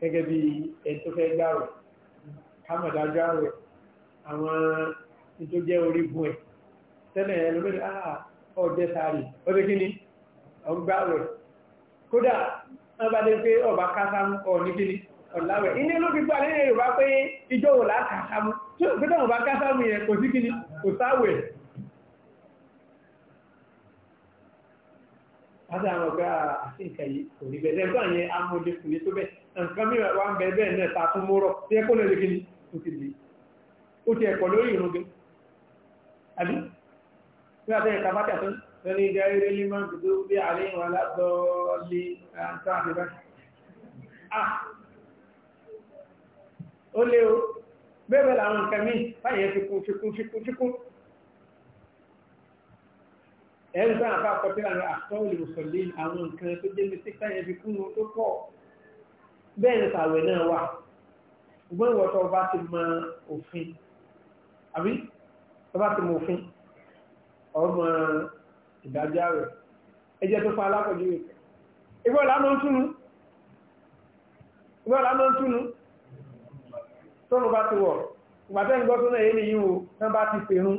gẹ́gẹ́ bí ẹni tó fẹ́ gbààwẹ̀ kámọ̀dá gbààwẹ̀ àwọn ní tó jẹ́ orígun ẹ̀ tẹ́lẹ̀ ẹlòmíràn áà ọdẹ sáré ọdẹ kí ni ọgbààwẹ̀ kódà wọ́n bá dé pé ọba kásámú ọ̀ ní kí ni ọ̀láwẹ̀ ilé ló fi gbà lẹ́yìn Yorùbá pé ìjọ́wò láà kásámú tí ó gbé láti àwọn ọ̀gá àti nǹkan yìí kò rí bẹ́ẹ̀ lẹ́gbọ́n yẹn amúlẹ̀kùnrin tó bẹ́ẹ̀ nǹkan mìíràn wà ń bẹ bẹ́ẹ̀ náà ta fún mọ́rọ̀ tí ẹ kó lè lékeni ó ti lè ó ti ẹ̀kọ́ lórí ìrún gẹ́ àbí bí a fẹ́ ẹ̀ka bá tẹ̀sán lẹ́ni ìjà eré lè máa ń dúdú bí àlẹ́ ìwọ̀n aládọ́ọ̀lì àǹtá ah! ó lé o bẹ́ẹ̀ bẹ́ẹ̀ làwọn nǹkan míì báyẹn fikún fikún fikún fikún ẹ̀rù sáà bá kọtíra rẹ̀ àtọ́wòlì mùsùlùmí àwọn nǹkan tó jẹ́ mẹ́síkà yẹn fi kún tó pọ̀ bẹ́ẹ̀ ni tàwẹ̀ náà wà ṣùgbọ́n ìwọ tó bá ti mọ òfin àbí tó bá ti mọ òfin ọmọ ìdájọ́ rẹ̀ ẹjẹ́ tó fa alákọ̀ọ́jú rẹ̀ ìgbọ́ làá máa ń túnu ìgbọ́ làá máa ń túnu tọ́nu bá ti wọ̀ ìgbà tẹ́ náà yé nìyí o tán bá ti pèrún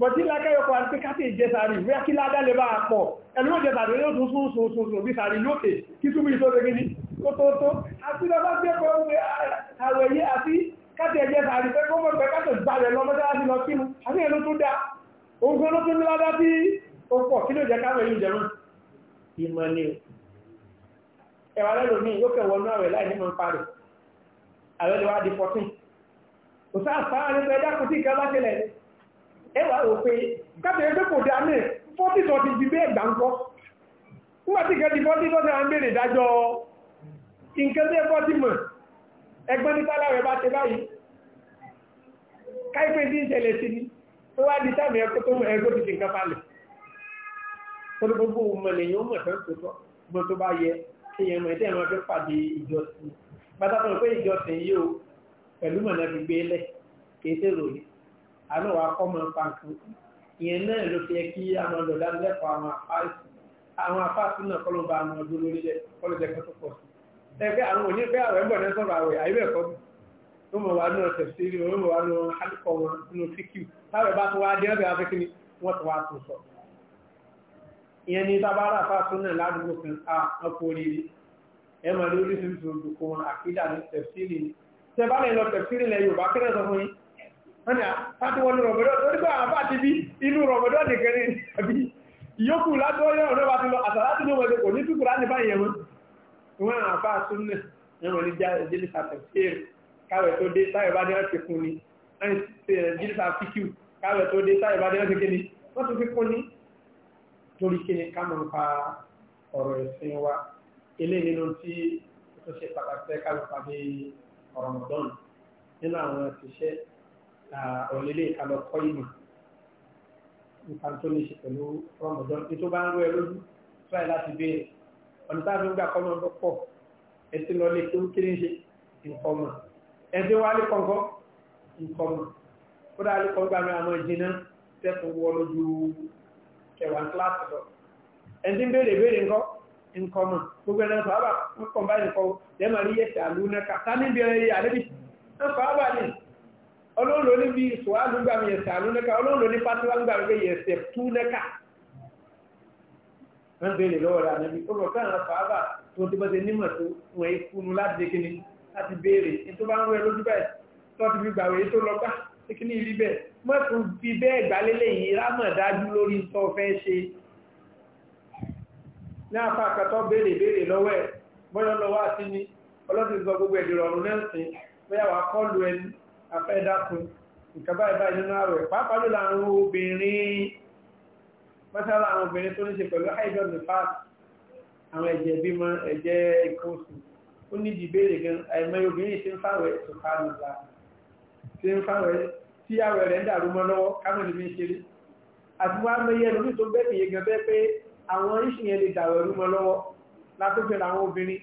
bọ̀tí lákẹ́yọkọ̀ àti káfí ìjẹsàrí rí kí ládá lè bá pọ̀ ẹ̀lú ìjẹsàrí ló tún sún sún sún sún bísàrí lókè kí túnbí tó rẹ̀ gidi tó tó tó àti lọ́bá gbẹ́kọ̀ọ́ ah, àwẹ̀yẹ àti káfí ìjẹsàrí pẹ́ kọ́mọ̀ pẹ́ káfí ìgbàlẹ̀ lọ́mọdé lọ kí mú àti ẹ̀lú tó dá ogun ló tún ní ládá tí ó pọ̀ kí ló jẹ káfí ìjẹrún ìmọ̀ ni ẹ̀wà lẹ́lòmí yóò kẹwọ́ náà rẹ̀ láì ní mọ̀ ń parí àwẹ́lẹ́wà di 14 kò sáà sáà nípa ẹ̀dá kò sí ìkẹ́ bá ṣẹlẹ̀ ẹwà wò pé kábíyẹ pé kò dáa fọ́tí ti fọ́tí ń bèèrè dájọ́ mọ̀ nípa láwẹ̀ bá báyìí káìpé sí ni wá di sáàmì tó ti falẹ̀ gbogbo ọmọ lèyìn ọmọ ẹ̀fẹ́ tó tọ́ gbogbo tó bá yẹ kí ẹmọ ẹ̀tẹ́ ẹ̀mọ fẹ́ pàdé ìjọsìn bàtà tó ń pẹ́ ìjọsìn yìí o pẹ̀lú fi gbé lẹ̀ alọ́wọ́ akọ́mọ pàǹkù ìyẹn náà ló fi yẹ kí àwọn ọ̀dọ̀dá lẹ́kọ̀ọ́ àwọn àfáàsì àwọn àfáàsì náà kọ́ ló ba àwọn ọdún lórí rẹ̀ kọ́ ló jẹ́ kó tó pọ̀ sí i ẹgbẹ́ àwọn òní pé àwẹ̀ ń bọ̀ ní sọ̀rọ̀ àwẹ̀ àyè bẹ́ẹ̀ kọ́ ló mọ̀ wá nù ọ̀sẹ̀ sí i ló mọ̀ wá alùpọ̀ wọn nù fíkì táwọn bá tó wá dé ọ̀bẹ̀ afẹ́ kíni wọ́n tó wá tó sọ. ìyẹn ni tábàárà àfáàsì náà ládùúgbò kan a ọkọ̀ oríire ẹ máa lórí fífi olùkọ́ àkídà ní tẹ̀síìlì tẹ bá lè lọ tẹ̀síìlì lẹ Yorùbá kẹ́rẹ́ sọ fún yín wọ́n ni àtàtíwọ́nú rọ̀mọ̀dọ́ torí pé àbá ah, ti bí inú rọ̀mọ̀dọ́ nìkan ní àbí ìyókù látọ́yọ̀ ọ̀rẹ́ bá ti lọ àtàlátì ló wọlé kò ní túkùrá ní báyìí ah, ẹ̀wọ̀n wọn àbá súnlẹ̀ ẹ̀wọ̀n ní jírísà tẹ̀síẹ̀rì káwẹ̀ tó dé sáyẹ̀ bá dẹ́rẹ́ ti kún ni jírísà fíkú káwẹ̀ tó dé sáyẹ̀ bá dẹ́rẹ́ ti kíni wọ́n tún fi kún ni torí kíni ọ̀rọ̀ ẹ̀sìn wa eléyìí nínú tí ó ṣe pàtàkì káwẹ̀ pàdé ọ̀rọ̀ nínú àwọn ẹ̀sìn ọ̀lẹ́lẹ́ ìkàlọ̀ kọ́ ìmọ̀ nǹkan tó lè ṣe pẹ̀lú rọmọdán ní tó bá ń rú ẹ lójú fúláì láti béèrè ọ̀nà tá a fi ń gbà kọ́ náà tó pọ̀ ẹ ti lọ lé tó kéré ṣe nǹkan mọ̀ ẹ ti wá lé kọ̀ǹkọ́ nǹkan mọ̀ ó dáa lé kọ̀ǹkọ́ àmì àwọn ìjìnà tẹ́kùn wọ lójú kẹwàá kíláàsì lọ ẹ ti ń béèrè béèrè nǹkan nǹkan mọ̀ gbogbo ẹ̀rọ sọ̀rọ̀ àbà ń kọ̀ báyìí nǹkan lẹ́mọ̀ rí yẹ̀sẹ̀ àlú náà ká ló ní bí sùwàlù gbàmù yẹsẹ̀ àlùnẹ́ka ọlọ́run ló ní fatiwa gbàmù pé yẹsẹ̀ tú nẹ́ka wọ́n béèrè lọ́wọ́ rẹ̀ ànábi ó rọ̀ káàrán fàábà tó ti bọ́sẹ̀ nímọ̀ tó wọ́n ikúnu láti kíni láti béèrè ní tó bá ń wẹ́ lójú bẹ́ẹ̀ tó ti fi gbàwé tó lọ gbà tí kíní rí bẹ́ẹ̀ mọ́tún fi bẹ́ẹ̀ gbálélẹ̀ yìí rámọ̀ dájú lórí tó fẹ́ ṣe ní apá àkàtọ́ béèrè béèrè lọ́wọ́ ẹ̀ bọ́yọ́ lọ́wọ́ àti ní ọlọ́sìn sọ gbogbo ẹ̀dì rọrùn náà sìn bóyá wàá kọ́ lu ẹni afẹ́ dákun ìkàbá ìbá ìnínú ààrẹ pàápàá ló láàrin obìnrin mọ́sára àwọn obìnrin tó ní ṣe pẹ̀lú haidon nifas àwọn ẹ̀jẹ̀ bímọ ẹ̀jẹ̀ nǹkan oṣù ó ní ìdìbéèrè gan àìmọ́ obìnrin tí ń fàwẹ̀ ṣùkánùlá tí ń fàwẹ̀ tí àwẹ̀ rẹ̀ ń dàrú mọ́ lọ́wọ́ kámọ̀ ní ṣe rí àti wá mẹ́yẹ lórí tó bẹ́ẹ̀ nìyẹn gan bẹ́ẹ̀ pé àwọn oríṣìí yẹn lè dàwẹ̀ rú mọ́ obìnrin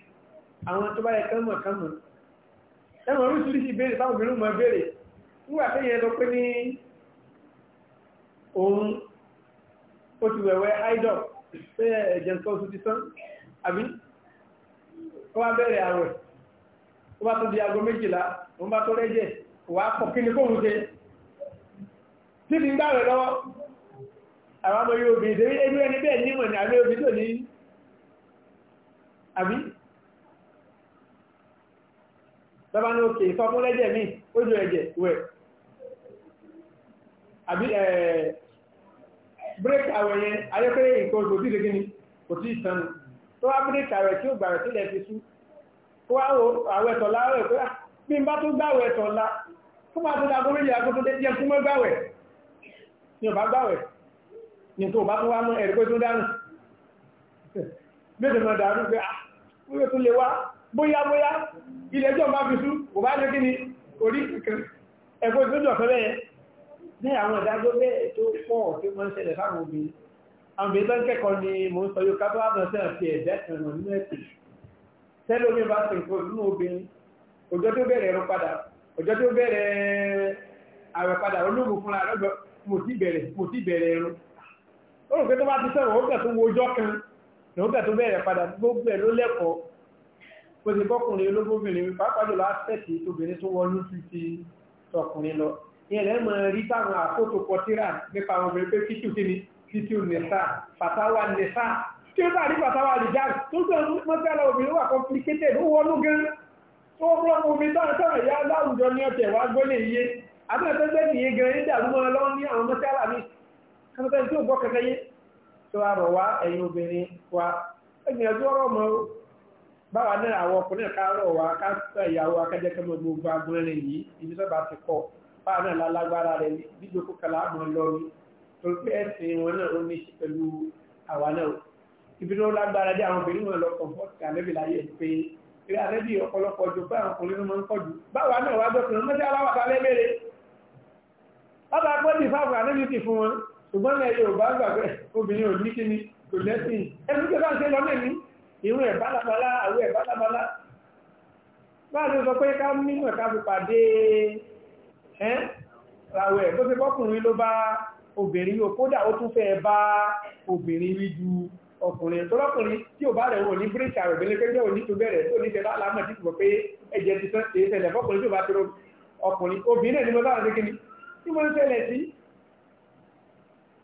mọ̀ béèrè nígbà tó yẹ lọ pé ní òun ó ti wẹ̀wẹ̀ idol pé ẹ̀jẹ̀ nǹkan oṣù ti tán àbí ó wá bẹ̀rẹ̀ àwẹ̀ ó bá tó di aago méjìlá òun bá tó rẹ́jẹ̀ wà á pọ̀ kí ni kóhun ṣe tí ti ń gbà rẹ̀ lọ́wọ́ àwọn ọmọ yóò bí ìdérí ẹni ẹni bẹ́ẹ̀ nímọ̀ ní àbí obì tó ní àbí tọ́bá ní òkè ìfọ́kúnlẹ́jẹ̀ míì ó jù ẹ̀jẹ̀ wẹ̀ àbí break àwẹ̀ yẹn ayọ́kẹ́lẹ́ nǹkan oṣù tí gẹ́gẹ́ ni kò tí ìtàn tó wá break àwẹ̀ tí ó gbàrẹ̀ sílẹ̀ fi sú kó wá àwẹ̀ tọ̀lá rẹ̀ pé ah, bí n bá tó gbàwẹ̀ tọ̀lá kó máa tó dàgbó méjì àgbó tó dé jẹ́ fún mọ́ gbàwẹ̀ ni ò bá gbàwẹ̀ ni tó bá tó wá mọ́ ẹ̀rí pé tó dánù méjì náà dàrú pé ah wíwé tó lè wá bóyá bóyá ilẹ̀ ẹjọ́ bá fi sú ní àwọn ìdájọ́ bẹ́ẹ̀ tó pọ̀ tí wọ́n ń ṣẹlẹ̀ fáwọn obìnrin àwọn obìnrin tó ń kẹ́kọ̀ọ́ ni mò ń sọ yóò ká tó wà náà sẹ́yìn fi ẹ̀dẹ́ ẹ̀rọ nínú ẹ̀sìn tẹ́lẹ̀ omi bá ti nǹkan nínú obìnrin ọjọ́ tó bẹ̀rẹ̀ ẹ̀rọ padà ọjọ́ tó bẹ̀rẹ̀ àwẹ̀ padà olóògùn fúnra lọ́gbọ̀ mo ti bẹ̀rẹ̀ mo ti bẹ̀rẹ̀ ẹ̀rọ ó rò pé tó bá ti sọ̀rọ̀ ó kẹ̀ tó wo ọjọ́ kan lòun kẹ̀ tó bẹ̀rẹ̀ padà gbogbo ẹ̀ ló lẹ́kọ̀ọ́ bó ti bọ́kùnrin olóbóbìnrin pàápàá jùlọ á tẹ̀sí tóbìnrin tó wọnú sí ti tọkùnrin lọ ilẹ̀ mọ̀ rí táwọn àkótò kọtíra nípa àwọn obìnrin pé fíṣù kí ni fíṣù nìta fàtàwà nìta tí ó tàbí fàtàwà àlìjá tó tó mọ́tàlá obìnrin wà complicated ó wọnú gan tó wọ́pọ̀ omi tọ́rọ̀ tọ́rọ̀ ìyá láwùjọ ní ọ̀tẹ̀ wá gbọ́lẹ̀ iye abẹ́ẹ̀tẹ́gbẹ́ nìyẹ gan ní ìdàlúmọ́ lọ́wọ́ ní àwọn mọ́tàlá mi kọ́tẹ́ tí ó gbọ́ kẹkẹ́ yé tó a rọ̀ wá ẹ̀yin obìnrin wa ẹgbìyànjú ọ̀rọ̀ mọ́ báwa náà àwọn ọkùnrin fáànà lálágbára rẹ̀ ní dídókò kàlámọ̀ lọ́rí tó pé ẹ̀sìn wọn náà ó ní ṣe pẹ̀lú àwa náà ibi tó lágbára dé àwọn obìnrin wọn lọ kọ̀ǹfọ́tì àlẹ́bí láyé pé eré àlẹ́bí ọ̀pọ̀lọpọ̀ jù pé àwọn ọkùnrin máa ń kọjú báwa náà wá gbọ́sùn mọ́tí aláwàta lẹ́bẹ̀rẹ̀ ọba pé ti fáwọn àlẹ́bí ti fún wọn ṣùgbọ́n náà yóò bá gbàgbé obìnrin ò ní kíni kò lẹ́sìn ẹni tó bá ń ṣe lọ mẹ́ni ìrún ẹ̀ bálabàlá àwọ̀ ẹ̀ bálabàlá báà ló sọ pé ká mímọ̀ ká fi pàdé ẹ́n ràwẹ̀ tó fi kọkùnrin ló bá obìnrin yóò kódà ó tún fẹ́ bá obìnrin wí ju ọkùnrin tó lọ́kùnrin tí ò bá rẹ̀ wọ̀ ní bíríkì àrẹ̀bẹ̀lẹ̀ pé jẹ́wò ní tó bẹ̀rẹ̀ tó ní tẹ́lá alámọ̀ tí kò pé ẹ̀jẹ̀ ti tán ṣe é tẹ̀lẹ̀ fọ́kùnrin tó bá tẹ́rọ ọkùnrin obìnrin ní mọ́tàlá sí kíni tí mo ń tẹ́lẹ̀ sí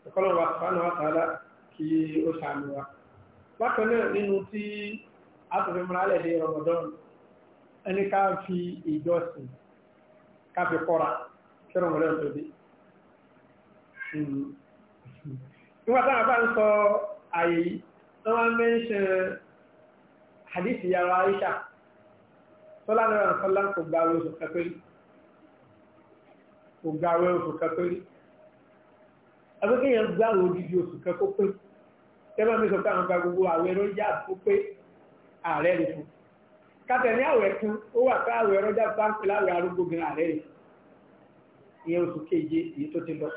ọkọlọ́wà fánàwà tààlà kí ó sàmì wa bákan náà nínú tí a tó fi múra lẹ̀ dé ọmọdọ́rùn ẹni ká fi ìjọsìn káfí kọ́ra kírun rẹ̀ tó dé. nígbà táwọn bá ń sọ àyè yìí wọ́n máa ń mẹ́ṣẹ̀ hadith yàrá Aisha sọ́lá náà ràn sọ́lá kò gba oṣù kẹtọ́lì kò gba oṣù kẹtọ́lì ẹgbẹ́ kéèyàn gbá òdìdí oṣù kẹtọ́ pé tẹ́lá mi sọ pé àwọn gba àwẹ̀ ló yá àpò pé ààrẹ rẹ̀ fún un. kátẹ̀ ní àwẹ̀ kan ó wà ká àwẹ̀ rọ́jà báńkì láwẹ̀ arúgbó gan ààrẹ keje èyí to ti lọ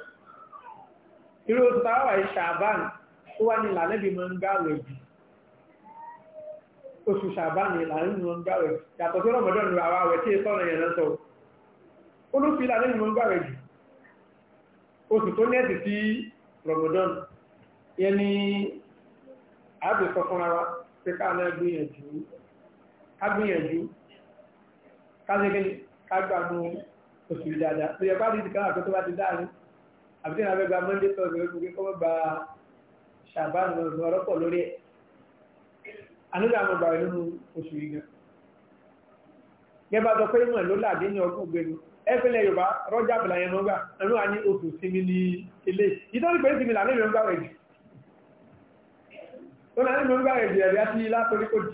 irú oṣù táwà yìí ṣàbán ó wà ní lànàbí máa ń gbàwẹ̀ jù oṣù ṣàbán ní lànàbí máa ń gbàwẹ̀ jù yàtọ̀ sí rọ̀mọdún tí sọ tó ní ni wa pé gbìyànjú kágbìyànjú kágbìyànjú kágbàmú oṣù dáadáa tó yẹ àkótó bá ti dáàrin àbí abẹ́gbà gbogbo ṣàbánu ọlọ́pọ̀ lórí ẹ̀ nínú sọ pé ìmọ̀ ló làdé ní yorùbá rọ́jà bìlà yẹn mọ́gbà ẹnu àní oṣù sinmi ní ilé ìtọ́jú pé sinmi mi ń gbà rẹ̀ jù tó mi ń gbà rẹ̀ jù ẹ̀rí kò jù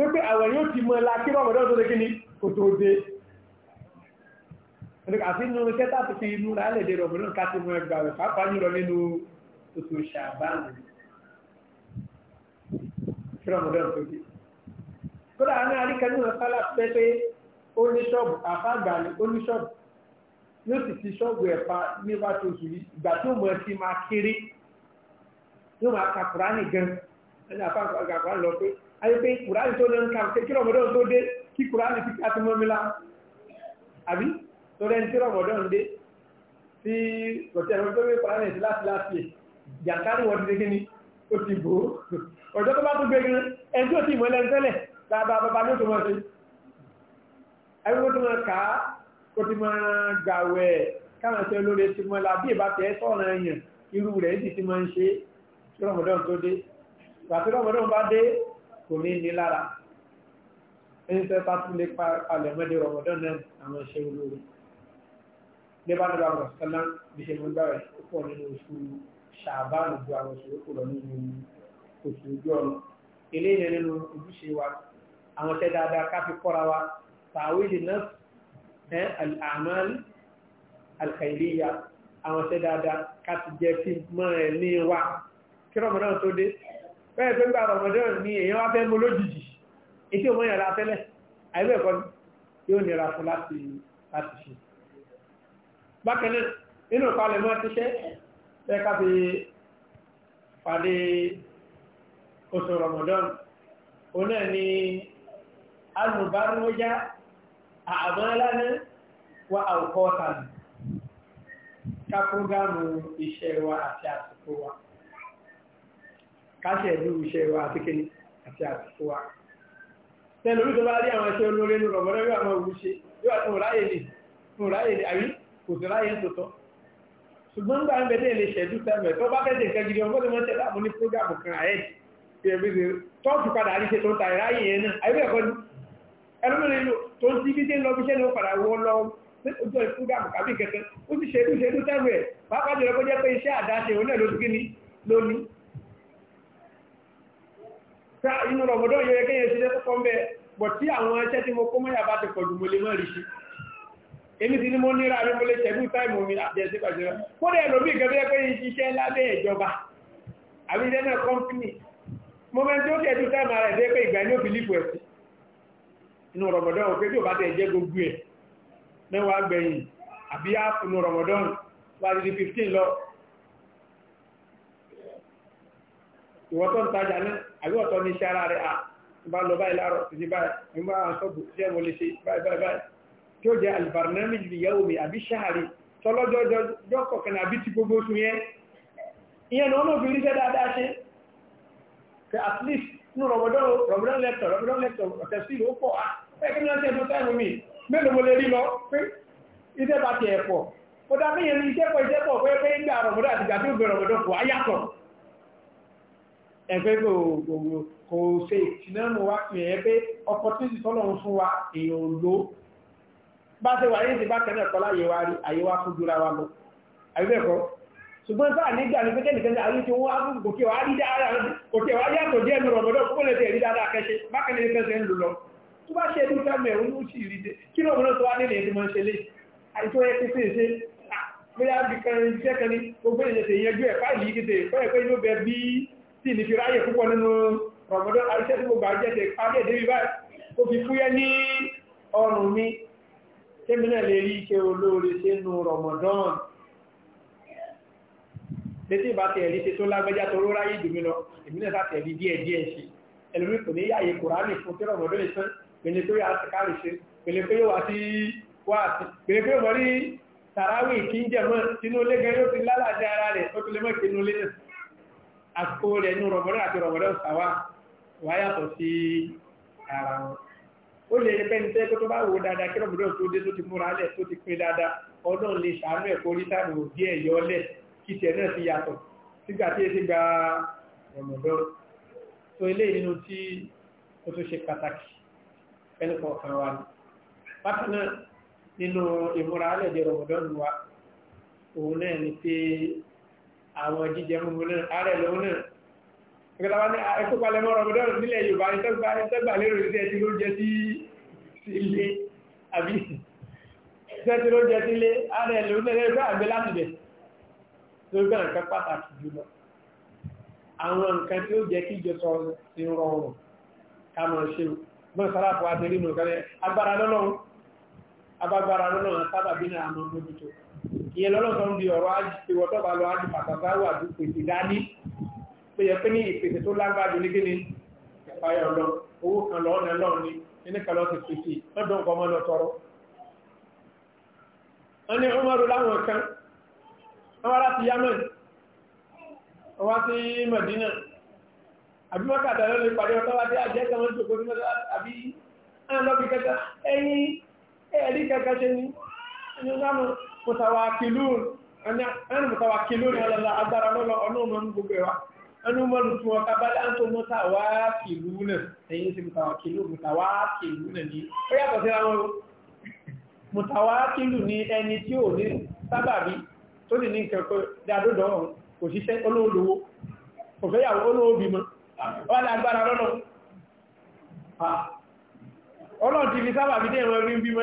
tó pé àwẹ̀ yóò ti mọ́ ẹlá kí rọ̀mọ̀dọ́ tó lé kí ni kò tó dé àti inú kẹta tó fi inú rà lè dé rọ̀mọ̀dọ́ ká ti mọ́ ẹgbà rẹ̀ pàápàá jùlọ nínú oṣù ṣàbáàmù kí rọ̀mọ̀dọ́ tó dé kódà ní àríkẹ́nu ọ̀sálà pẹ́ pé ó ní ṣọ́ọ̀bù ìgbà tó mọ̀ ẹ́ ti máa kéré ayẹ́pẹ́ kùránì tó lẹ́nu kà pé kí rọ̀mọ́dọ́n tó dé kí kùránì ti káàtì mọ́mílá àbí tó rẹ̀ ń tí rọ̀mọ́dọ́n dé tí kòtẹ́ ẹ̀rọ tó gbé kùránì sí láti láti ẹ̀ jàǹkárì wọ́n ti dé kíní ó ti bò ó ọjọ́ tó bá tó gbé gan ẹni tó ti mọ́lẹ́ tẹ́lẹ̀ bàbá bàbá ní òtòmọ́ sí ẹgbẹ́ tó máa kà á kó ti máa gàwẹ̀ káwọn ṣe olóore ti mọ́ la bí ìbá tẹ́ sọ̀rọ̀ ẹ̀yàn irú rẹ̀ ti ti máa ń ṣe kí rọ̀mọ́dọ́n tó dé gbàtí rọ̀mọ́dọ́n bá dé kò ní ní lára ẹni tẹ́ bá tún lè palẹ̀ mọ́dé rọ̀mọ̀dán náà àwọn iṣẹ́ olóore nígbà nígbà wọn sọ́lá bí ṣe máa ń bẹ̀rẹ̀ ó pọ̀ nínú oṣù ṣàbáàlù ju àwọn oṣù yòókù lọ nínú oṣù ojú ọ̀run eléyìí nínú ojúṣe wa àwọn iṣẹ́ dáadáa ká fi kọ́ra wa tàwílì náà àmàl alkhairiyya àwọn iṣẹ́ dáadáa ká jẹ́ kí mọ́ ẹ̀ ní wa kí rọ̀mọ̀dán tó dé bẹ́ẹ̀ tó gbà rọ̀mọdán ni èèyàn wá fẹ́ mú lójijì etí òmò yàrá tẹ́lẹ̀ àìbẹ̀ ẹ̀kọ́ yóò nira fún láti láti ṣe bákan náà nínú ìpalẹ̀ mọ́ ti ṣe ẹ̀ka fi pàdé oṣù rọ̀mọdán òun náà ni alùbárúwọ́já àmọ́lánà wa àwùkọ́ tàbí ká iṣẹ́ wa àti àsìkò wa káṣẹ̀ ìlú iṣẹ́ wa àti kíni àti àtìkú wa tẹ́lú orí tó bá rí àwọn iṣẹ́ olóore ní rọ̀mọ́dọ́ yóò àwọn òwúṣe yóò àti òráyè lè òráyè lè àrí kò sí ráyè tòótọ́ ṣùgbọ́n nígbà ń bẹ̀rẹ̀ lè ṣẹ̀dú sẹ́mẹ̀ tó bá kan ahead tí ẹ bèèrè tọ́ọ̀tù padà rí ṣe tó ń ta ìráyè yẹn náà àyè bẹ́ẹ̀ kọ́ ni ẹlòmíràn ló tó ń ti bíjẹ́ lọ bíṣẹ́ ló padà wọ́ lọ ojú ẹ̀ prógámù kàbí kẹtẹ ó sì ṣẹ̀dú ṣẹ̀dú sẹ́mẹ̀ pàápàá jùlọ kó jẹ́ pé iṣẹ́ àdáṣe ni ká inú rọ̀mọ́dọ́ yẹ kéyẹ ṣe lẹ́kọ́kọ́ ń bẹ bọ̀ tí àwọn ẹṣẹ́ tí mo kó mọ́yà bá ti pọ̀jù mo lè mọ́ rí sí èmi ti ní mo níra rí mo lè ṣẹ̀dú táìmù mi àjẹsí pàṣẹ rẹ̀ kódà ẹlòmíì gẹ́gẹ́ pé iṣẹ́ lábẹ́ ìjọba àbí iṣẹ́ náà kọ́mpínì mo máa ń tó ṣẹ̀dú táìmù ara ẹ̀dẹ́ pé ìgbà ní òfin lífù ẹ̀sì inú rọ̀mọ́dọ́ pé tí ò bá tẹ̀ jẹ́ gbogbo ẹ̀ mẹ́wàá gbẹ̀yìn àbí áàpù inú rọ̀mọ́dọ́ wà ní 15 lọ ìwọ́tọ́ ń tajà náà àbí ọ̀tọ̀ ní iṣẹ́ ara rẹ̀ à bá lọ báyìí láàárọ̀ ti báyìí ń bá sọ́bù tí ẹ mo lè ṣe báyìí báyìí báyìí tí ó jẹ́ alìbàrínàmì ìyàwó mi àbí ṣáàrí tọ́lọ́jọ́jọ́ kọ̀kan àbí ti gbogbo oṣù yẹn ìyẹn ni wọ́n mọ̀ fi ríṣẹ́ dáadáa ṣe pé at least nínú rọ̀bọ̀dọ́ rọ̀bọ̀dọ́ lẹ́tọ̀ rọ̀bọ̀dọ́ lẹ́tọ̀ ọ̀tẹ̀ sí ìlú pọ̀ á bẹ́ẹ̀ kí ni wọ́n ti ẹ̀dùn táìmù mi mélòó mo lè rí lọ pé iṣẹ́ bá ti ẹ̀ pọ̀ ó dá mí yẹn ní iṣẹ́ pọ̀ iṣẹ́ pọ̀ pé pé ń gbà rọ̀bọ̀dọ́ àti ìgbà rọ̀bọ̀dọ́ pọ̀ á yàtọ̀ ẹgbẹ́ kò ṣe ìtìnánù wá pè ẹ́ pé opportunity tọ́lọ̀ ń fún wa èèyàn ló bá ṣe wà ní ìsìnbá kẹ́nà ẹ̀kọ́ láyé wa rí ayé wa fún jura wa lọ àbíbẹ̀kọ́ ṣùgbọ́n sáà nígbà ní pé kẹ́nìkẹ́nì ayé tí wọ́n á fún kòkè wá rí dáadáa kòkè wá yàtọ̀ jẹ́ ẹnu rọ̀mọ́dọ́ kó lè tẹ̀rí dáadáa kẹ́ṣe bákẹ́ni fẹ́sẹ̀ ń lò lọ tó bá ṣe dúkà mẹ́rin ó sì rí dé kí lọ́mọdọ́ tó wá nílẹ̀ èdè mọ́ ṣe lé àìtó ẹ pé fèsè bóyá bí kan iṣẹ́ kan ní gbogbo ìṣẹ̀ṣẹ̀ ìyẹn tí ní fi ráyè púpọ̀ nínú rọ̀mọ́dọ́ àríṣẹ́ tí gbogbo àjẹ́dẹ̀ àjẹ́dẹ̀ rí báyìí ó fi fúyẹ́ ní ọrùn mi tẹ́mínà lè rí iṣẹ́ olóore sínú rọ̀mọ́dọ́n létí ìbá tẹ̀rí ṣe tó lágbẹ́já tó rọ́ ráyè dùmí lọ ìmínà sá tẹ̀rí díẹ̀ díẹ̀ ṣe ẹlòmí kò ní yáyé kùránì fún tí rọ̀mọ́dọ́ ìsán pèlè pé yóò kárì ṣe pèlè pé kí ń jẹ̀ mọ́ sínú lé yóò ti lálàájá ara rẹ̀ ó ti lè mọ́ ìpinnu lé náà àsìkò rẹ̀ ní rọ̀mọ́dọ́ àti rọ̀mọ́dọ́ sàwà wà yàtọ̀ sí ara wọn ó lè rí pẹ́ni tẹ́ tó bá wò dáadáa kí rọ̀mọ́dọ́ tó dé tó ti múra lẹ̀ tó ti pín dáadáa ọdún lè sàánú ẹ̀ kó lítà ní òbí ẹ̀ yọ lẹ̀ kí tiẹ̀ náà ti yàtọ̀ sígbà tí èsì gba rọ̀mọ́dọ́ tó ilé nínú tí ó tó ṣe pàtàkì ẹni kọ̀ọ̀kan wa ni bákan náà nínú ìmúra alẹ́ di rọ̀mọ́dọ́ wa òun náà ni pé àwọn jíjẹ múmu náà ààrẹ lòun náà ìgbàlá wa ní ẹkú palẹ̀ mọ́ rọmọdọ́rùn nílẹ̀ yorùbá ìtẹ́gbà lérò sí ẹtí ló jẹ sí ilé àbí ìtẹ́tí ló jẹ sí ilé ààrẹ lòun náà lẹ́gbẹ́ àgbẹ̀ láti bẹ̀ lórí bẹ́ẹ̀ nǹkan pàtàkì jùlọ àwọn nǹkan tí ó jẹ́ kí ìjọ sọ sí rọrùn ká mọ̀ ṣe gbọ́n ìyẹn lọ́lọ́sọ ń di ọ̀rọ̀ ìwọ̀ tó bá lọ ájú pàtàkì àdú pèsè dání tó yẹ pé ní ìpèsè tó lágbàdo ní kíni ìpayọ̀ lọ owó kan lọ ọ̀nà lọ́rùn ni nínú kan lọ ti pèsè lọ́dọ̀ nǹkan ọmọ lọ tọrọ. wọ́n ní ọmọdún láwọn kan wọ́n wá láti Yemen wọ́n wá sí Medina àbí mọ́kàtà lọ́lọ́ ìpàdé ọ̀tọ́ wá dé àjẹ́ kan wọ́n jòkó nínú àbí àwọn lọ́bì kẹta ẹ̀yìn ẹ̀rí kẹta ṣe ni ẹni mùtàwàkìlún ẹni mùtàwàkìlún ní ọlọ́lá agbára lọ́lọ́ ọ̀nà ọmọ gbogbo ẹ̀wà ẹni mọ́lù tí wọ́n kábálẹ̀ àtò mùtàwàkìlún náà ẹ̀yìn sí mùtàwàkìlún mùtàwàkìlún náà ní ó yàtọ̀ sí àwọn mùtàwàkìlún ní ẹni tí ò ní sábàbí tó ní ní kẹ̀kọ́ dáadọ́dọ̀ kò ṣiṣẹ́ olóòlówó kò fẹ́yàwó olóòbímọ wọ́n lágbára lọ́lọ́ ah. ọlọ́ọ̀tì fi sábàbí dẹ̀ wọ́n rí bímọ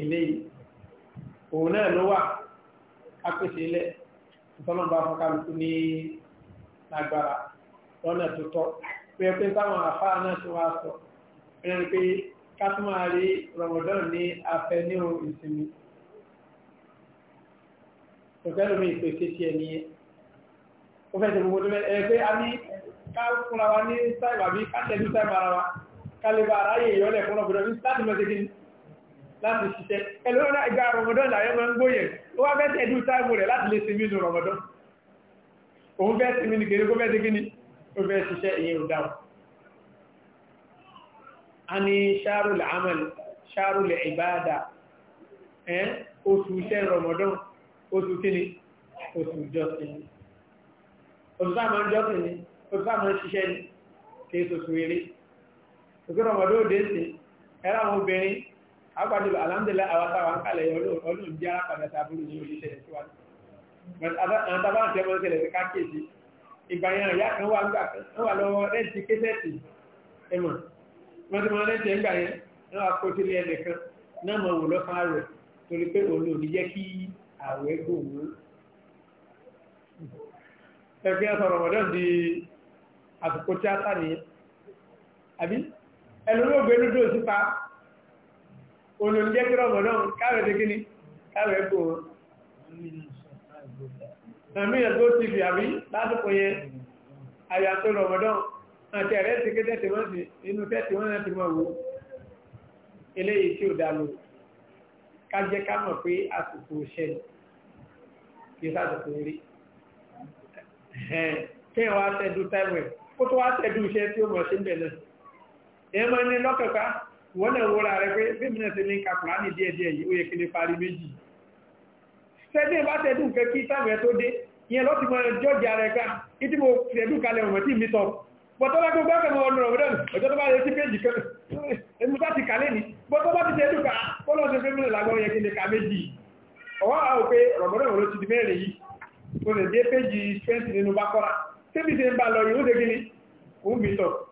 eléyìí òun náà ló wà apèsè ilẹ̀ ìtọ́nà bá fún kálukú ní agbára lọ́nà tó tọ́ pé pé táwọn àfáà náà tó wá sọ ẹni pé ká tún máa rí rọmọdán ní afẹ ní ìsinmi òkèlú mi ìpèsè tiẹ̀ nìyẹn ó fẹ́ ṣe gbogbo tó fẹ́ ẹ pé a ní ká fúnra wa ní táìmù àbí ká tẹ̀lé táìmù ara wa ká lè bá aráyè ìyọ́lẹ̀ fún ọ̀gbọ̀dọ̀ ní sáàtì mẹ́tẹ́gì láti ṣiṣẹ́ ẹlòmínà ìgbà rọmọdán làyẹ́ máa ń gbóyẹ̀ ó wá fẹ́ tẹ̀dú táìmù rẹ̀ láti lè sinmi nù rọmọdán òun fẹ́ sinmi ní kéré kó fẹ́ sinmi ní ó fẹ́ ṣiṣẹ́ ìyẹn ò dáwọ̀ a ní ṣáàrù làámàl ṣáàrù lè ìbáadà ẹ́ oṣù iṣẹ́ rọmọdán oṣù kíni oṣù jọ́sìn ni oṣù ẹ̀rọ àwọn obìnrin agbájúlọ alámdélá àwátáwà ń kálẹ̀ ọlọ́run jẹ́ arápàdàtà àbúrò ní orílẹ̀ ìṣíwájú àtàbáǹtì ọmọ ìṣẹ̀lẹ̀ káàkiri ìgbàyàn ìyá kan wà lọ́wọ́ rẹ́ǹtì kéṣẹ́ẹ̀tì ẹ̀mọ̀ wọ́n ti máa rẹ́ǹtì ẹ̀ǹgbà yẹn náà kó sílé ẹnìkan náà mọ̀ wò lọ́sàn àwẹ̀ torí pé òun ò ní jẹ́ kí àwẹ̀ gbòòrò ẹgbẹ́ sọ̀rọ̀ di àsìkò tíátà nìyẹn àbí ẹlòmí ògbé dúdú òsípa olóńjẹ́ kí rọ̀mọ̀ náà káwẹ̀ tí kí ni káwẹ̀ kò nàmíyàn tó ti fi àrí lásìkò yẹn àyàtò rọ̀mọ̀dán àti ẹ̀rẹ́ ti ké tẹ́tì wọ́n sí inú tẹ́tì wọ́n láti mọ̀ wó eléyìí tí ó dálò ká jẹ́ ká mọ̀ pé àsìkò ṣẹlẹ̀ kí sásìkò rí wọ́n náà wọ́n rẹ̀ pé bí mìíràn sí ní kàkùránì díẹ̀díẹ̀ yìí ó yẹ kí ní parí méjì tẹ́dẹ̀ bá tẹ́dùn kẹ́ kí táwọn tó dé ìyẹn lọ́ti mọ́ jọ́jì ara ẹ̀ká ìtí mo tẹ́dùn kalẹ̀ ọ̀mọ̀ tí mi tọ́ bọ́tọ́lá tó gbọ́kẹ̀ mọ́ ọdún ọ̀rọ̀dọ́nù ọjọ́ tó bá lè sí péjì kan èmi bá ti kàlẹ́ ní bọ́tọ́ bá ti tẹ́dùn ká bọ́lọ́ ṣe fẹ́ mílẹ̀ lágbọ́ yẹ kí ní ka méjì ọwọ́ àwọn pé ọ̀rọ̀dọ́nù ló 20 nínú bá kọ́ra tébì ti ń bá lọ yìí ó ṣe kí ni òun mi tọ̀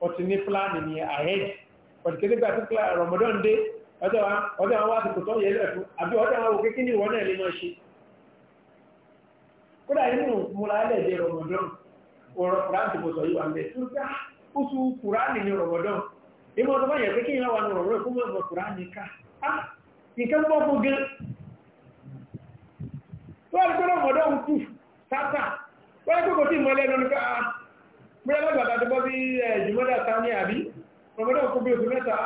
ọtí ní pílánì ní ahead ọ̀dìkẹ́dẹ́gbà tí Ramadan dé ọjọ́ àwọn àsìkò tó yẹ lẹ́fún àbí ọjọ́ àwọn òkè kí ní ìwọ náà lè máa ṣe kódà inú múra lẹ́ẹ̀dẹ̀ Ramadan ọ̀rọ̀ kùránì tí mo sọ yìí wà ń bẹ̀ tó dá ó tún kùránì ní Ramadan ìmọ̀ ọ̀tọ́ bá yẹ pé kí ìyá wà ní Ramadan fún mọ̀ kùránì ká ah, nǹkan bọ́ fún gan tó wà ní pé Ramadan kù sáta wọ́n yẹ pé kò sí ìmọ̀lẹ́ bóyá lọ́gbàdà tó bọ́ bí jùmọ́dà sáni àbí ọmọdé òkú bí oṣù mẹ́ta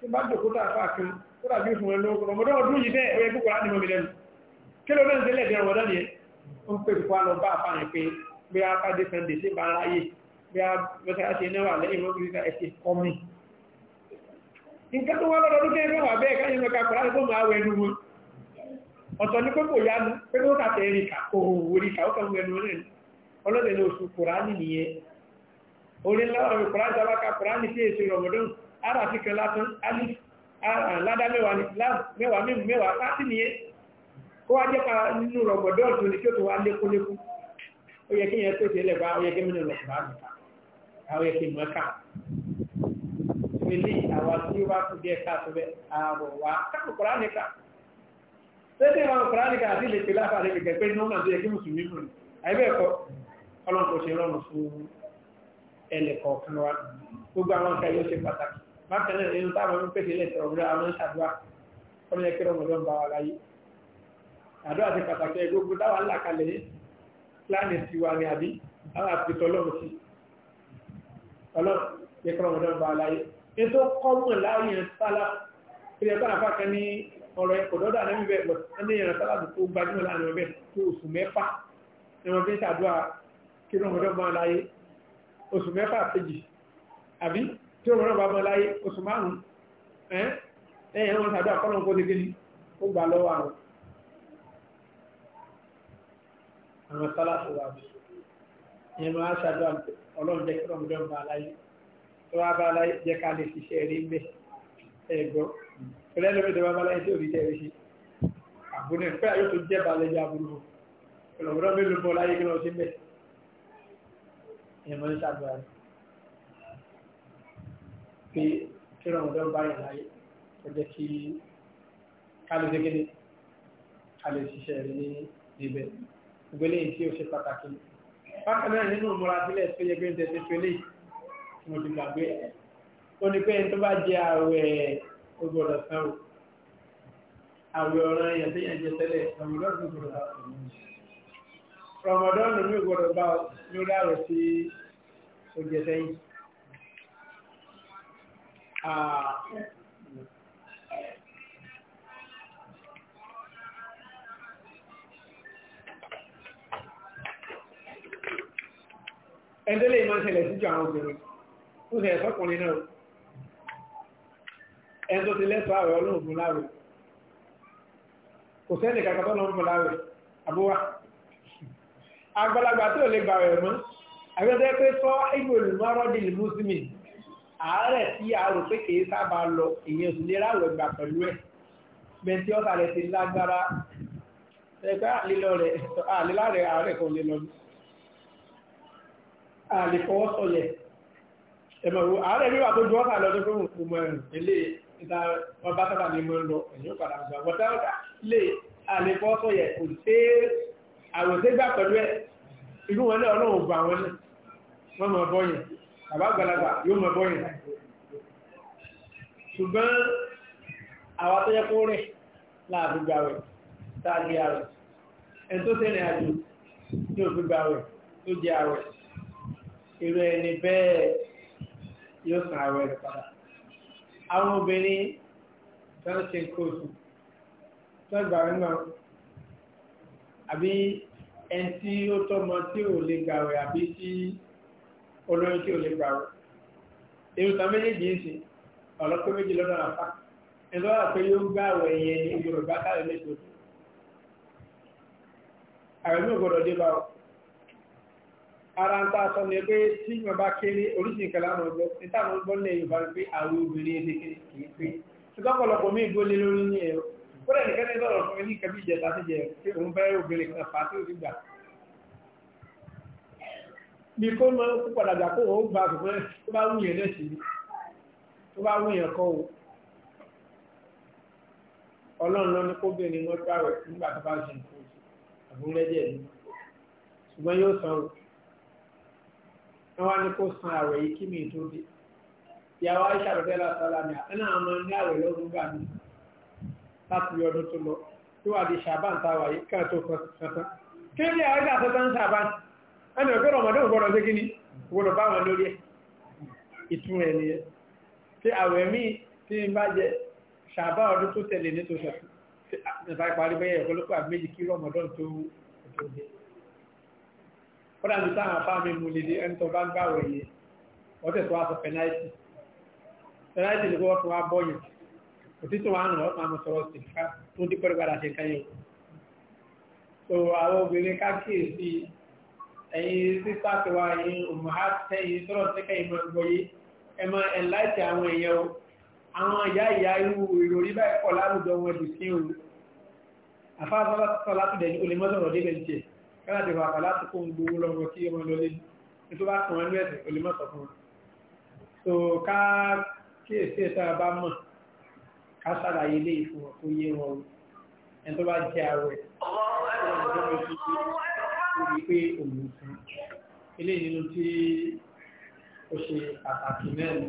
tí bá jòkó tà fà kan ó dàbí oṣù mẹ́lẹ́ ọkọ̀ ọmọdé ọdún yìí bẹ́ẹ̀ ẹ̀rẹ́ púpọ̀ láti mọ́mi lẹ́nu kí ló bẹ́ẹ̀ ń tẹ́lẹ̀ bẹ́ẹ̀ wọ́dọ́ nìyẹn ó ń pè fún wa lọ bá àfààní pé bí a bá dé sunday sí bá ráyè bí a bẹ́ẹ̀ á ṣe náwà lẹ́yìn wọn kìí ẹ̀ ṣe kọ́mì. nǹkan tó wá lọ́dọọdún kẹ́ ẹgbẹ́ wà bẹ́ẹ̀ káyọ̀ mẹ́ka kọ́lá tó máa wẹ ẹnu wọn ọ̀tọ̀ ní pé yánu pé kó kàtẹ́ ẹ̀ríkà kò ẹnu wọn ní oṣù kùránì nìyẹn orílẹ̀-èdè kùránì àbákà kùránì tí èsì rọ̀mọ̀dún ara fi kan látún alif ládá mẹ́wàá mẹ́wàá láti ní kó wá jẹ́ pa nínú rọ̀mọ̀dún tó ní kí ó tó wá lékúlékú ó yẹ kí yẹn tó ṣe lẹ́gbàá ó yẹ kí mínú rọ̀mọ̀dún tẹ́tẹ́ ìwọ̀n kùránìkà àti ilẹ̀ pẹ̀lá àfàrí ìgbẹ̀gbẹ̀ ní ọmọ àti ẹgbẹ́ mùsùlùmí mùsùlùmí àìbẹ̀ẹ̀kọ́ ẹlẹ́kọ̀ọ̀kan wa gbogbo àwọn nǹkan yóò ṣe pàtàkì bákan náà nínú táwọn ń pèsè ilẹ̀ tọ̀rọ̀ àwọn ṣàdúrà ọmọ yẹn kéré ọmọdé ń bá wa láyé àdúrà ti pàtàkì gbogbo táwọn ńlá kalẹ̀ yìí láàmì sí wa ní àbí àwọn àpètò ọlọ́run sí ọlọ́run yẹ kéré ọmọdé ń bá wa láyé ètò kọ́mọ̀ láàrin sálá ilẹ̀ bá àfá kan ní ọ̀rọ̀ ẹ̀kọ́ oṣù mẹ́fà kejì àbí tí òun náà bá mọ́ láyé oṣù márùn-ún ẹ̀yìn wọn sàdọ́ àkọ́lọ̀ kó dégé ní ó gbà lọ́wọ́ àwọn àwọn sálàfò wà bí ìyẹn máa ṣàdọ́ ọlọ́run jẹ́ kí ọmọdé ọmọ aláyé tó wá bá aláyé jẹ́ ká lè ṣiṣẹ́ rí mbẹ́ ẹ̀gbọ́ pẹ̀lẹ́ lọ́wọ́ ìjọba bá aláyé tí ò rí jẹ́ rí ṣe àbúrò pé àyè jẹ́ balẹ̀ àbúrò ọ̀rọ̀ mélòó láyé kí lọ́ọ́ sí mbẹ́ ìmọ̀ ìṣàdúrà rẹ̀ pé kí ọ̀rọ̀ ọ̀dọ́ bá yàn láyé ó jẹ́ kí kálọ̀ gẹ́gẹ́dẹ́ kálọ̀ ìṣiṣẹ́ rẹ̀ ní ibẹ̀ ìgbélé yìí tí ó ṣe pàtàkì bákan náà nínú ìmúra sílẹ̀ tó yẹ pé ń tẹ̀sí tó lè mo ti gbàgbé Ramadan ní ìgbọ́dọ̀ bá lórí àrò sí oúnjẹ sẹ́yìn. Ẹ̀ndẹ́lẹ̀ ìmọ̀ ṣẹlẹ̀ síjọ àwọn obìnrin, ó ṣe ẹ̀sọ́kùnrin náà. Ẹn tó ti lẹ́sọ ààrẹ ọlọ́run fún láàrẹ. Kò sẹ́nì kàkàtọ́ lọ́run fún láàrẹ, àbúwá àgbàlagbà tí ò lè gbà rẹ̀ mọ́ àgbẹ̀dẹ́ pé sọ ìgbò olùmọ́rọ́dì lè mùsùlùmí àárẹ̀ tí a rò pé kìí sábà lọ èèyàn sì lera àwẹ̀ gbà pẹ̀lú ẹ̀ bẹ́ntí ọ̀tà rẹ̀ ti lágbára ẹgbẹ́ àlélọ́ rẹ̀ àlélá rẹ̀ àárẹ̀ kan lè lọ ní àlefọwọ́sọ̀lẹ̀ ẹ̀mọ̀wò àárẹ̀ wíwà tó ju ọ̀tà lọ tó fún òkú mọ́ ẹ̀rùn ilé ìta ọba sábà ní mọ́ ń lọ ẹ̀yìn àwòṣe gbà pẹ̀lú ẹ̀ inú wọn náà ọlọ́run bá wọn náà wọ́n mọ̀ bọ́yìn bàbá àgbàlagbà yóò mọ̀ bọ́yìn ṣùgbọ́n àwọn tó yẹ kó rìn láàbí gbà rẹ̀ tàbí àrẹ̀ ẹni tó tẹ́rìn àjò tí ò fi gbà rẹ̀ tó jẹ àrẹ̀ irú ẹni bẹ́ẹ̀ yóò san àrẹ̀ rẹ̀ padà àwọn obìnrin tó ń ṣe kóòtù tó gbà rẹ̀ náà àbí ẹni tí ó tọ́mọ tí ò lè gbàwẹ̀ àbí tí olóyún tí ò lè gbàwẹ̀ èrò tán méjèèjì ń sìn ọ̀lọ́pẹ́ méjì lọ́nà àpá ẹni tó wà pé yóò gbàwẹ̀ yẹn ní Yorùbá káyọ̀ lẹ́gbẹ̀ẹ́ àwọn ẹ̀mí ògbọ́dọ̀ dé bá ara ń tá a sọ ní pé tí ìgbà bá kéré oríṣi ìkẹlẹ àwọn ọgbọ níta àwọn ọgbọ nílẹ̀ Yorùbá pé àwọn obìnrin ẹgbẹ́ kéré kìí pé ṣùgbọ́n mí ìgbó lórí ní ẹ̀rọ kódà nìkan ní lọ́rọ̀ fún ìjẹta ti jẹ pé òun fẹ́ obìnrin kan fà á tí ó ti gbà. bí kó máa kó padà gbà kó òun gba àgùnfẹ́ tó bá wúyẹn náà sí tó bá o. ọlọ́run lọ ní kó bìnrin wọn gbà rẹ̀ nígbà tó bá ṣe ni o. láti ọdún tó lọ tó wà di ṣàbá ń tàwà yìí káà tó fọ́sán kí ní àwọn ẹgbẹ́ àtọ́tọ́ ń ṣàbá ẹni ọ̀gbẹ́ ọmọdé ògbọ́dọ̀ sí kíní ògbọ́dọ̀ bá wọn lórí ẹ̀ ìtún ẹ̀ nìyẹn tí àwẹ̀ mí tí ń bá jẹ ṣàbá ọdún tó tẹ̀lé ní tó sọ nípa ìparí bẹ́yẹ̀ ọ̀pọ̀lọpọ̀ àbí méjì kí ọmọdé tó tó dé kódà òtítọ́ wa nù ọ́pàá mọ̀sọ̀rọ̀ sí ká tó dípẹ́ padà ṣe káyẹ̀ so àwọn obìnrin kákìyèsí ẹ̀yin sísá ti wá ẹ̀yin òmùhá tẹ́yìn sọ̀rọ̀ tẹ́kẹ́ ìmọ̀ gbọ́yé ẹ máa ẹ̀ láìsí àwọn èèyàn o àwọn ìyá ìyá irú ìròrí báyìí pọ̀ láwùjọ wọn jù sí òru àfáàfáà látùdẹ̀ ní olè mọ́sọ̀rọ̀ débẹ̀ ní tiẹ̀ kára ti wà láti kó ń gbowó lọ́wọ́ kí ọmọ lọlé ní tó bá kàn án ní ẹ̀sìn olè fún wọn so ká kíyèsí ẹ̀ta bá mọ̀ ká ṣàlàyé lé ìfún wọn kó yé wọn o ẹni tó bá jẹ ààrẹ rí pé òun fún eléyìí nínú tí ó ṣe pàtàkì náà ní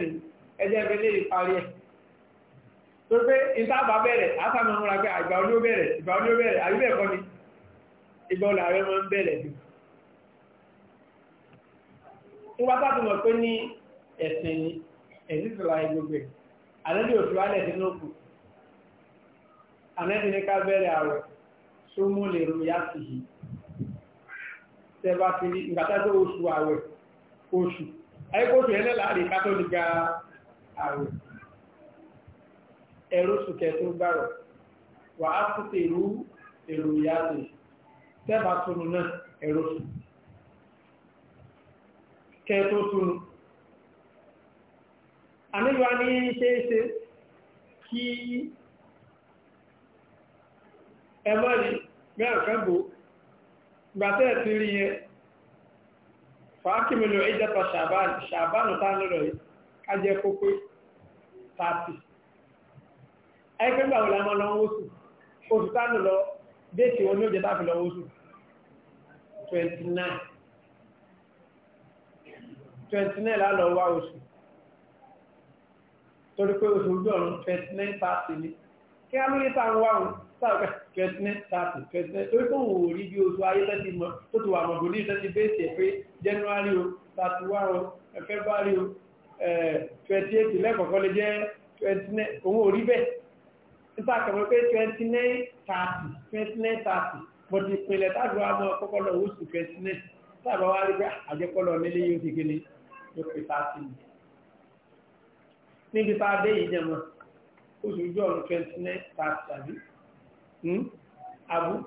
ni ẹjẹ́ ìpínlẹ̀ ìparí tó pé ìtàbà bẹ̀rẹ̀ àtàmọ̀ múra àgbà olú bẹ̀rẹ̀ ìgbà olú bẹ̀rẹ̀ àyíbẹ̀ kọ́ ni ìgbà olú ààrẹ máa ń bẹ̀rẹ̀ bí. ni ẹ̀sìn àlẹ́bí òfin wálẹ̀ sí ká bẹ̀rẹ̀ ààrẹ tó mú lè ru yá sí i oṣù ààrẹ ẹ̀rọ sùkẹ́ tó gbàrọ̀ wà á tún tè rú èrò ìyá lè tẹ́bà túnú náà ẹ̀rọ sùn kẹ́ tó túnú àmìlúwa ní ṣeéṣe kí ẹmọ́ ni mẹ́rin kan bò gbàtẹ́ ti rí yẹn fàákìmìlò ìjẹta ṣàbánù tá nílò yìí kájẹ́ kókó 30 ẹgbẹ́ gbà wọlé àwọn oṣù oṣù tánù lọ déètì wọn ní òjẹta fi lọ oṣù 29 29 wá oṣù torí pé oṣù ojú ọ̀run 29 ni kí á nwa táwọn wá òun sáàkà 29 torí pé òun ò rí bí oṣù ayé tẹ́tì mọ́ tó ti wà ní ẹ̀ pé January o o February o 28 eh, lẹ́kọ̀ọ́kọ́ lè jẹ́ 29 òun ò rí bẹ́ẹ̀ nípa kẹ̀mọ́ pé twenty nine thirty twenty nine thirty But ti pinlẹ̀ táàbù wa mọ kọ́kọ́ lọ oṣù twenty nine táàbù wa rí pé àjẹkọ́lọ́ nílé yóò ti kéde yóò pè thirty mi. níbi tá a dé yìí jẹ̀mọ́ oṣù ojú ọ̀run twenty nine thirty tàbí abú hmm?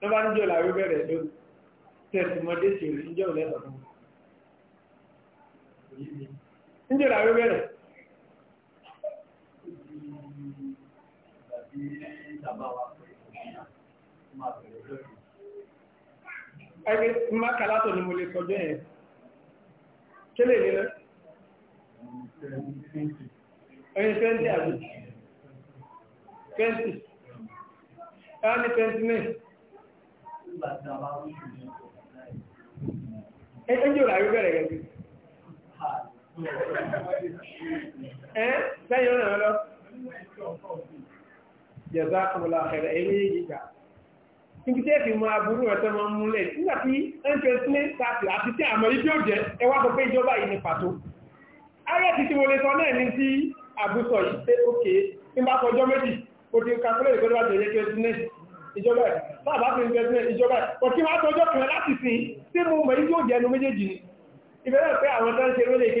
nígbà níjọ́ làwọn bẹ̀rẹ̀ lórí tẹ̀sùmọ́dé tèrè níjọ́ lẹ́sọ̀tún níjọ́ làwọn bẹ̀rẹ̀. ẹgbẹ́ mákàlátọ̀ ni mo lè sọ bẹ́ẹ̀ kí lè nílẹ̀ ẹni twenty àbí twenty ẹni twenty nine ẹjọ́ ìlà yóò bẹ̀rẹ̀ gẹ̀ẹ́gẹ́ ẹ́ lẹ́yìn ọ̀nà lọ jazakumullahu khairan ẹ̀yìn méjì gbà níbi tí ẹ̀fì máa burú ẹ̀tọ́ máa múlẹ̀ nígbà tí a tààtì àti tí àmọ́ ibi òjẹ́ ẹ wá sọ pé ìjọba yìí ní pàtó ayé ti ti mo lè sọ náà ní tí àbúsọ yìí pé ókè ní bá fọjọ́ méjì o ti kàkúlẹ̀ ìgbẹ́ láti ẹ̀yẹ kẹsílẹ̀ ìjọba ẹ̀ sábà fi ń kẹsílẹ̀ ìjọba ẹ̀ kò kí wá tọjọ́ kan láti sìn tí mo mọ̀ ibi òjẹ́ ẹnu méjèèjì ni ìbẹ̀rẹ̀ pé àwọn tó ń ṣe lólè kí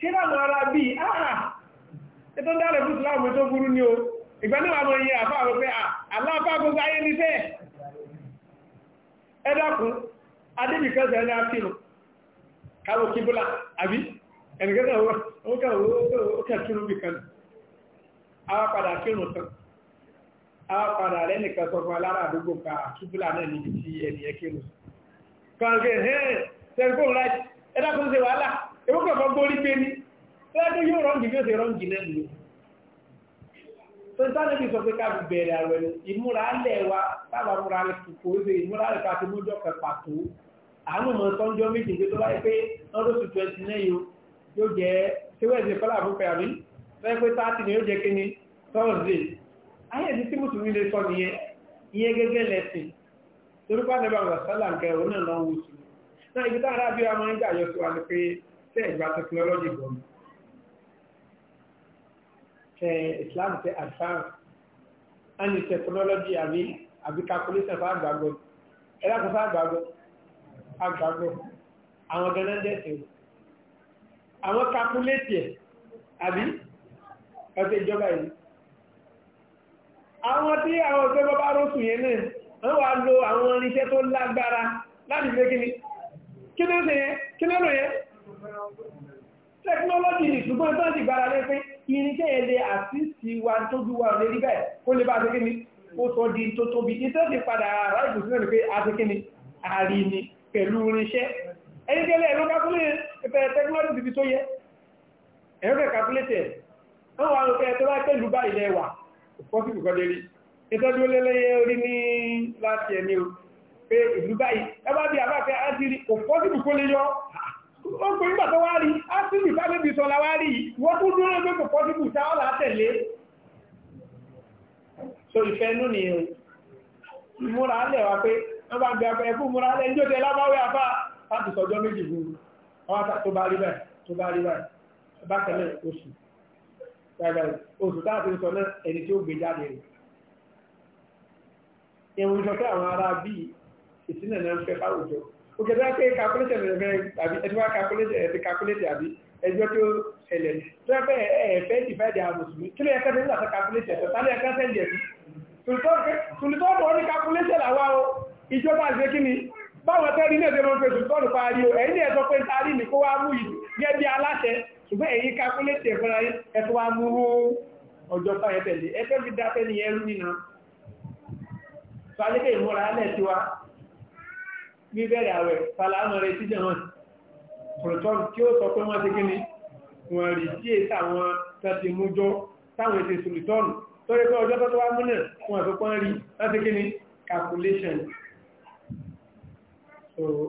ṣe láwọn ará bí àà ètò dáre fún ìsìláàmù tó ní o ìgbà náà iye àfáà rẹ̀ pé àláfà gbogbo ayé ní fẹ́ ẹ̀dàkùn adébìkẹ́sẹ̀ ní àfihàn káwọ kíbùlà àbí ẹnìkẹ́sẹ̀ ó kẹ́kẹ́rù bìkan àwa padà kírun tán àwa padà rẹ̀ nìkan sọ fún alára àdúgbò ká kíbùlà náà níbi ewu kọ̀ọ̀kan gbórí pé ní tẹ́lẹ́dẹ́ yóò rọ́ǹgì bí ó ṣe rọ́ǹgì náà nìyẹn tó ń sáré sọ pé káàbù bẹ̀rẹ̀ àwẹ̀ ni ìmúra alẹ̀ wa sábà múra alẹ̀ kòkó ṣe ìmúra alẹ̀ káàbù mọ́jọ́ kan pàtó àánú mọ́ sọ́njọ́ méjì pé tó bá yẹ pé ọdún tó twenty nine yóò jẹ́ síwẹ́ẹ̀sì kọ́lá àbúkẹ́ àbí lọ́yẹ́ pé thirty ni yóò jẹ́ kíni thursday ayé ti tí mùsùlùmí lè sọ nìyẹn ìyẹn gẹ́gẹ́ lẹ́sìn torí pàṣẹ bá wà sálà nǹkan òun náà lọ́wọ́ tẹ́ ìgbà tẹkinọ́lọ́jì bọ̀ mọ́ ẹ Islam tẹ advance ẹni tẹkinọ́lọ́jì àbí àbí calculation fún àgbàgbọ́ ẹ láti fún àgbàgbọ́ àgbàgbọ́ àwọn ganan dẹ́sẹ̀ àwọn calculate ẹ̀ àbí ẹ̀fẹ́ ìjọba yìí àwọn tí àwọn ìjọba bá rọ́sùn yẹn náà wọ́n wá lo àwọn irinṣẹ́ tó lágbára láti fẹ́ kí ni kí ló ṣe yẹn kí ló lò yẹn tẹkinọ́lọ́jì ni ṣùgbọ́n tó ń ti gbára lé pé irinṣẹ́ ẹ̀lẹ́ àtìsí wa tó bí wa lè rí bẹ́ẹ̀ kó lè bá a ṣe kí ni ó sọ di tó tóbi iṣẹ́ ti padà ara ìbùsùn náà pé a ṣe kí ni a rí ni pẹ̀lú irinṣẹ́ ẹni tẹ́lẹ̀ ẹ̀rọ kápúlẹ̀ ẹ̀fẹ́ tẹkinọ́lọ́jì ti fi tó yẹ ẹ̀rọ kẹ̀ kápúlẹ̀ tẹ̀ wọ́n wà lókè tó bá pẹ̀lú bá ilẹ̀ wà pọ́sibù kọ́ lérí ìtọ́jú lélẹ́yẹ orí ní láti o pé ìlú báyìí ẹ ó pè nígbà tó wá rí ásìlì fábébì sọ láwá rí wọ́n tún dúró pé kò pọ́sibù táwọn là tẹ̀lé so ìfẹ́ inú ni ìmúra alẹ́ wa pé wọ́n bá gbé afẹ́ fún ìmúra alẹ́ ní ó tẹ lábáwé afá láti sọjọ́ méjì fún ọwọ́ tó bá rí báyìí tó bá rí báyìí bákan náà oṣù oṣù táàtì sọ náà ẹni tí ó gbé jáde rẹ̀ ìrùn ìjọ pé àwọn ará bíi ìsínà náà ń fẹ́ òkèdè wá pé calculation rẹ̀ mẹ́rin àbí ẹjọ́ wá calculation ẹ̀fẹ́ calculation àbí ẹjọ́ tó ṣẹlẹ̀ tó yẹ pé ẹ̀fẹ́ divide àwọn mùsùlùmí kí ló yẹ kẹ́sẹ̀ nígbà tó calculation ẹ̀fẹ́ tálẹ̀ ẹ̀kẹ́ sẹ́ndì ẹ̀bí tòlítọ́ọ̀dù ó ní calculation làwa o ìjọba àti kí ni báwọn tẹ́rí ní ẹ̀sẹ̀ lọ́nà pẹ̀sùn tọ́nù parí o ẹ̀yìn ẹ̀sọ́ pé tàrí ní kó wá mú yìí gẹ́ bí aláṣẹ ṣùgbọ́n èyí calculation ẹ̀fẹ́ ráyé ẹ̀tọ́ wá mú ọjọ́ táyẹ̀ tẹ̀lé ẹ̀fẹ́ fi dá tẹ́ni ẹrú nínú ní bẹ̀rẹ̀ àwẹ̀ fàlànà rẹ̀ tí jẹ́ wọn proton tí ó sọ pé wọ́n ti kíni wọ́n rí sí èsì àwọn tàbí mújọ́ táwọn ètè solitọ́nù tó rí pé ọjọ́ tó wá múnà wọ́n tó pọ́n rí láti kíni calculation so o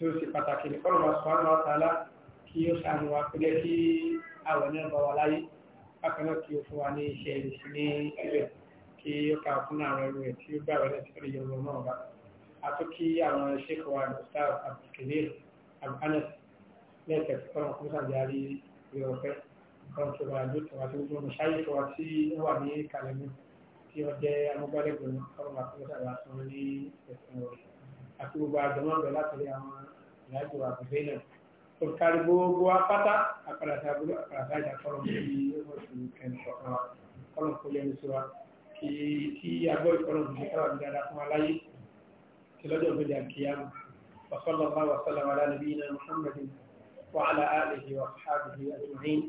tó ṣe pàtàkì ní kọ́nà wa sọ́nà wa tààlà kí ó sàánú wa pẹ̀lẹ́ kí àwẹ̀ náà bá wa láyé bákan náà kí ó fún wa ní iṣẹ́ ìrìsí àtúkí àwọn sheikh wa ustaz abdulkadir anas lẹ́ẹ̀kẹ́ tí kọ́nà kó sàn jáde ìrọ̀pẹ́ kọ́nà tó bá a dùn tòwá tó gbọ́n ṣáyé tó wá tí ó wà ní kalẹ̀ mi tí ó jẹ́ amúgbálẹ́gbẹ̀ẹ́ kọ́nà kó sàn wá sọ ní ẹ̀sìn rẹ̀ àti gbogbo àjọmọ́ bẹ̀ látàrí àwọn ìyájọ́ àbúgbé náà tó kárí gbogbo apáta àpàdàtà àbúrò àpàdàtà ìjà kọ́nà kó yí ó sì kẹ́ńtọ̀ kọ́nà kó lẹ́nu sí wa kí agbọ́ ìkọ́nà ti lọ́jọ́ gbẹ̀dẹ̀ وصلى الله وسلم على نبينا محمد وعلى آله وأصحابه أجمعين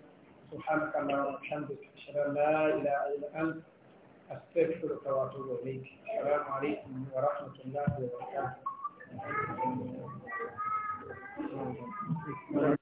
سبحانك اللهم وبحمدك أشهد أن لا إله إلا أنت أستغفرك وأتوب إليك السلام عليكم ورحمة الله وبركاته